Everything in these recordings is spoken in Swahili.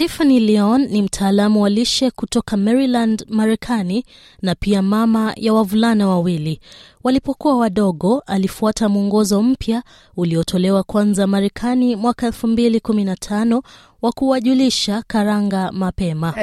Tiffany Leon ni mtaalamu wa lishe kutoka Maryland, Marekani na pia mama ya wavulana wawili. Walipokuwa wadogo, alifuata mwongozo mpya uliotolewa kwanza Marekani mwaka 215 wa kuwajulisha karanga mapema.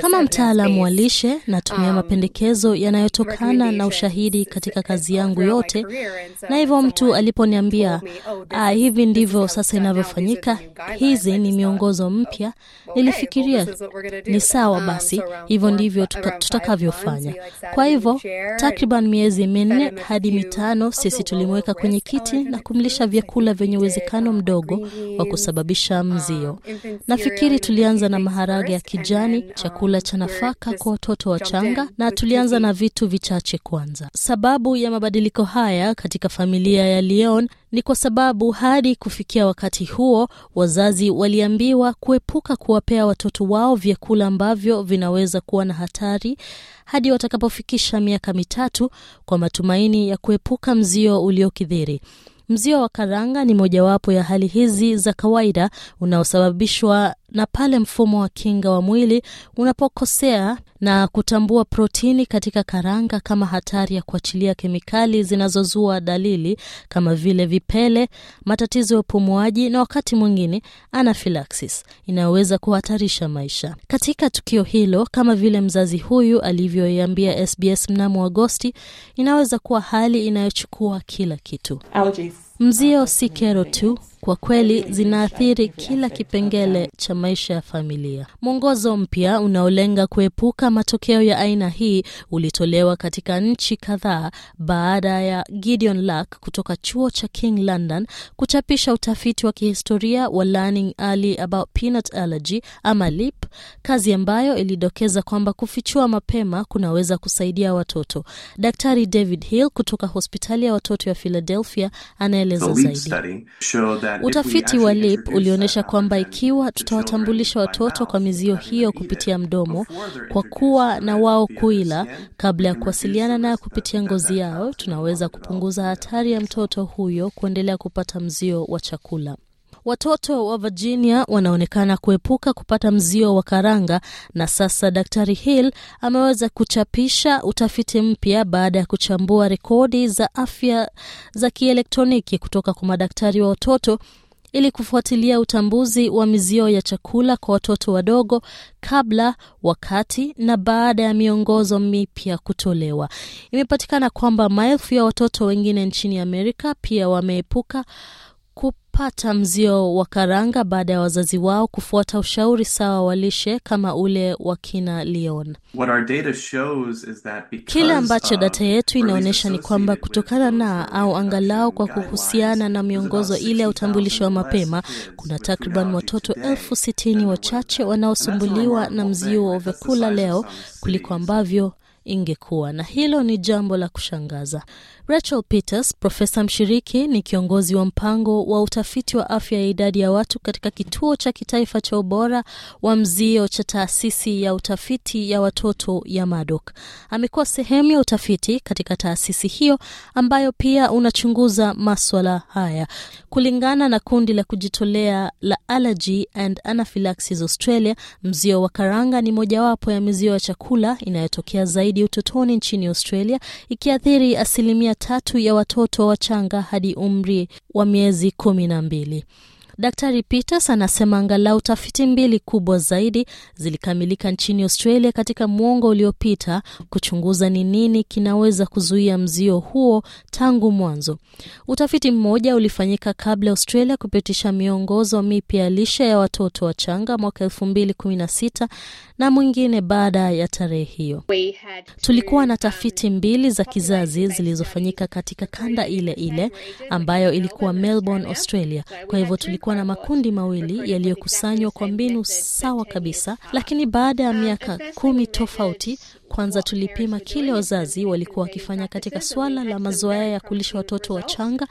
Kama mtaalamu wa lishe, natumia um, mapendekezo yanayotokana na ushahidi katika kazi yangu yote, na hivyo mtu aliponiambia oh, ah, hivi ndivyo sasa inavyofanyika, hizi ni miongozo mpya, nilifikiria ni sawa, um, basi hivyo ndivyo tutakavyofanya. Kwa hivyo takriban miezi minne hadi mitano, sisi tulimweka kwenye kiti na kumlisha vyakula vyenye uwezekano um, mdogo wa kusababisha mzi pumzio. Uh, Nafikiri tulianza na maharage ya kijani, uh, chakula cha nafaka kwa watoto wachanga, na tulianza na vitu vichache kwanza. Sababu ya mabadiliko haya katika familia ya Leon ni kwa sababu hadi kufikia wakati huo wazazi waliambiwa kuepuka kuwapea watoto wao vyakula ambavyo vinaweza kuwa na hatari hadi watakapofikisha miaka mitatu kwa matumaini ya kuepuka mzio uliokithiri. Mzio wa karanga ni mojawapo ya hali hizi za kawaida unaosababishwa na pale mfumo wa kinga wa mwili unapokosea na kutambua protini katika karanga kama hatari ya kuachilia kemikali zinazozua dalili kama vile vipele, matatizo ya upumuaji na wakati mwingine anafilaksis inayoweza kuhatarisha maisha. Katika tukio hilo, kama vile mzazi huyu alivyoiambia SBS mnamo Agosti, inaweza kuwa hali inayochukua kila kitu. Allergies. Mzio si kero tu kwa kweli zinaathiri kila kipengele cha maisha ya familia. Mwongozo mpya unaolenga kuepuka matokeo ya aina hii ulitolewa katika nchi kadhaa baada ya Gideon Lack kutoka chuo cha King London kuchapisha utafiti wa kihistoria wa Learning Early About Peanut Allergy ama LEAP, kazi ambayo ilidokeza kwamba kufichua mapema kunaweza kusaidia watoto. Daktari David Hill kutoka hospitali ya watoto ya Philadelphia anaeleza zaidi. Utafiti wa LEAP ulionyesha kwamba ikiwa tutawatambulisha watoto kwa mizio hiyo kupitia mdomo, kwa kuwa na wao kuila kabla ya kuwasiliana nayo kupitia ngozi yao, tunaweza kupunguza hatari ya mtoto huyo kuendelea kupata mzio wa chakula. Watoto wa Virginia wanaonekana kuepuka kupata mzio wa karanga, na sasa Daktari Hill ameweza kuchapisha utafiti mpya baada ya kuchambua rekodi za afya za kielektroniki kutoka kwa madaktari wa watoto ili kufuatilia utambuzi wa mizio ya chakula kwa watoto wadogo kabla, wakati na baada ya miongozo mipya kutolewa. Imepatikana kwamba maelfu ya watoto wengine nchini Amerika pia wameepuka wamepata mzio wa karanga baada ya wazazi wao kufuata ushauri sawa wa lishe kama ule wa kina Leon. Kile ambacho data yetu inaonyesha ni kwamba kutokana na au angalau kwa kuhusiana na miongozo ile ya utambulisho wa mapema, kuna takriban watoto elfu sitini wachache wanaosumbuliwa na mzio wa vyakula leo kuliko ambavyo ingekuwa, na hilo ni jambo la kushangaza. Rachel Peters, profesa mshiriki, ni kiongozi wa mpango wa utafiti wa afya ya idadi ya watu katika kituo cha kitaifa cha ubora wa mzio cha taasisi ya utafiti ya watoto ya madok Amekuwa sehemu ya utafiti katika taasisi hiyo ambayo pia unachunguza maswala haya. Kulingana na kundi la kujitolea la Allergy and Anaphylaxis Australia, mzio wa karanga ni mojawapo ya mizio ya chakula inayotokea zaidi zaidi utotoni nchini Australia, ikiathiri asilimia tatu ya watoto wachanga hadi umri wa miezi kumi na mbili. Daktari Peters anasema angalau tafiti mbili kubwa zaidi zilikamilika nchini Australia katika mwongo uliopita kuchunguza ni nini kinaweza kuzuia mzio huo tangu mwanzo. Utafiti mmoja ulifanyika kabla Australia kupitisha miongozo mipya ya lishe ya watoto wachanga mwaka 2016 na mwingine baada ya tarehe hiyo. Tulikuwa na um, tafiti mbili za kizazi zilizofanyika katika kanda ile ile ambayo ilikuwa Melbourne, Australia. Kwa hivyo tulikuwa kulikuwa na makundi mawili yaliyokusanywa kwa mbinu sawa kabisa, lakini baada ya miaka kumi tofauti kwanza tulipima kile wazazi walikuwa wakifanya katika suala la mazoea ya kulisha watoto wachanga,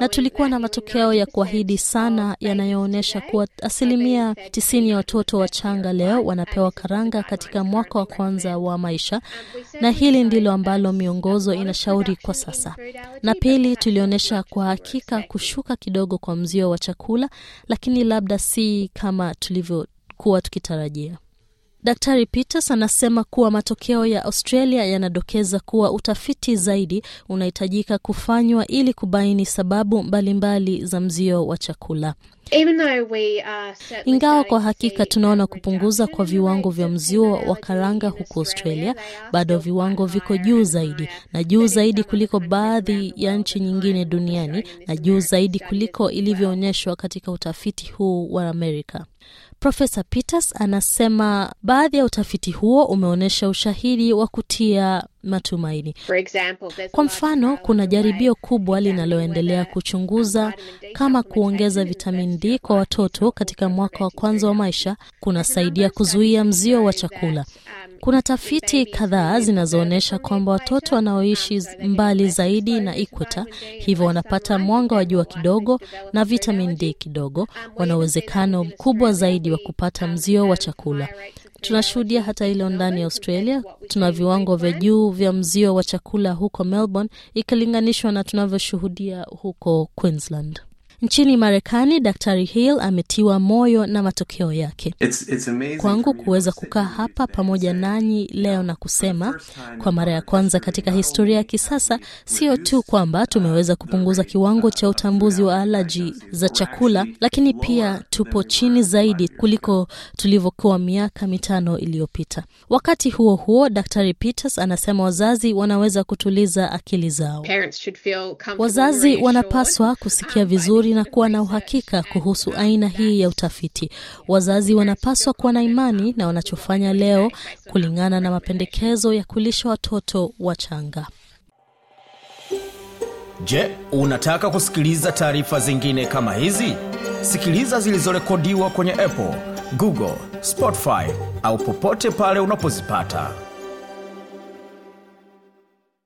na tulikuwa na matokeo ya kuahidi sana yanayoonyesha kuwa asilimia tisini ya watoto wachanga leo wanapewa karanga katika mwaka wa kwanza wa maisha, na hili ndilo ambalo miongozo inashauri kwa sasa. Na pili, tulionyesha kwa hakika kushuka kidogo kwa mzio wa chakula, lakini labda si kama tulivyokuwa tukitarajia. Daktari Peters anasema kuwa matokeo ya Australia yanadokeza kuwa utafiti zaidi unahitajika kufanywa ili kubaini sababu mbalimbali mbali za mzio wa chakula. Ingawa kwa hakika tunaona kupunguza kwa viwango vya mzio wa karanga huko Australia, bado viwango viko juu zaidi na juu zaidi kuliko baadhi ya nchi nyingine duniani na juu zaidi kuliko ilivyoonyeshwa katika utafiti huu wa Amerika. Profesa Peters anasema baadhi ya utafiti huo umeonyesha ushahidi wa kutia matumaini. Kwa mfano, kuna jaribio kubwa linaloendelea kuchunguza kama kuongeza vitamini D kwa watoto katika mwaka wa kwanza wa maisha kunasaidia kuzuia mzio wa chakula. Um, kuna tafiti kadhaa zinazoonyesha kwamba watoto um, wanaoishi mbali zaidi na ikweta, hivyo wanapata mwanga wa jua kidogo na vitamin D kidogo, um, wana uwezekano mkubwa zaidi wa kupata mzio wa chakula. Tunashuhudia hata hilo ndani ya Australia. Tuna viwango vya juu vya mzio wa chakula huko Melbourne ikilinganishwa na tunavyoshuhudia huko Queensland. Nchini Marekani, Daktari Hill ametiwa moyo na matokeo yake. It's, it's kwangu kuweza kukaa hapa pamoja nanyi leo na kusema kwa mara ya kwanza katika historia ya kisasa, sio tu kwamba uh, tumeweza kupunguza kiwango cha uh, utambuzi wa alaji za chakula, lakini pia tupo chini zaidi kuliko tulivyokuwa miaka mitano iliyopita. Wakati huo huo, Daktari Peters anasema wazazi wanaweza kutuliza akili zao. Wazazi wanapaswa kusikia um, vizuri linakuwa na uhakika kuhusu aina hii ya utafiti. Wazazi wanapaswa kuwa na imani na wanachofanya leo kulingana na mapendekezo ya kulisha watoto wachanga. Je, unataka kusikiliza taarifa zingine kama hizi? Sikiliza zilizorekodiwa kwenye Apple, Google, Spotify au popote pale unapozipata.